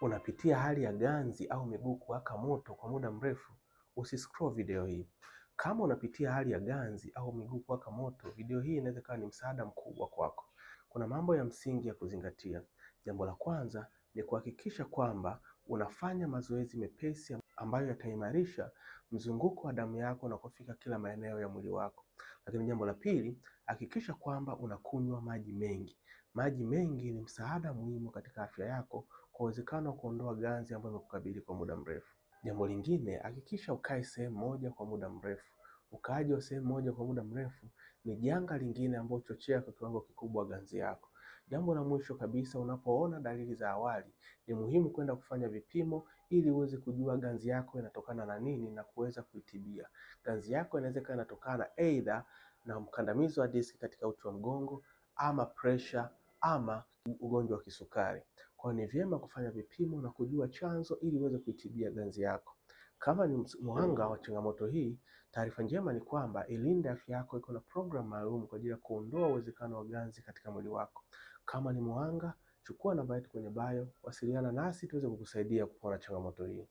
unapitia hali ya ganzi au miguu kuwaka moto kwa muda mrefu, usiscroll video hii. Kama unapitia hali ya ganzi au miguu kuwaka moto, video hii inaweza kuwa ni msaada mkubwa kwako. Kuna mambo ya msingi ya kuzingatia. Jambo la kwanza ni kuhakikisha kwamba unafanya mazoezi mepesi ya ambayo yataimarisha mzunguko wa damu yako na kufika kila maeneo ya mwili wako. Lakini jambo la pili, hakikisha kwamba unakunywa maji mengi. Maji mengi ni msaada muhimu katika afya yako, kwa uwezekano wa kuondoa ganzi ambayo imekukabili kwa muda mrefu. Jambo lingine, hakikisha ukae sehemu moja kwa muda mrefu. Ukaaji wa sehemu moja kwa muda mrefu ni janga lingine ambalo huchochea kwa kiwango kikubwa ganzi yako. Jambo la mwisho kabisa, unapoona dalili za awali, ni muhimu kwenda kufanya vipimo ili uweze kujua ganzi yako inatokana na nini na kuweza kuitibia. Ganzi yako inaweza ikawa inatokana aidha na mkandamizo wa diski katika uti wa mgongo, ama presha, ama ugonjwa wa kisukari. Kwa hiyo ni vyema kufanya vipimo na kujua chanzo ili uweze kuitibia ganzi yako. Kama ni mhanga mm. wa changamoto hii, taarifa njema ni kwamba Ilinde Afya Yako iko na programu maalum kwa ajili ya kuondoa uwezekano wa ganzi katika mwili wako. Kama ni mhanga, chukua namba yetu kwenye bio, wasiliana nasi tuweze kukusaidia kupona changamoto hii.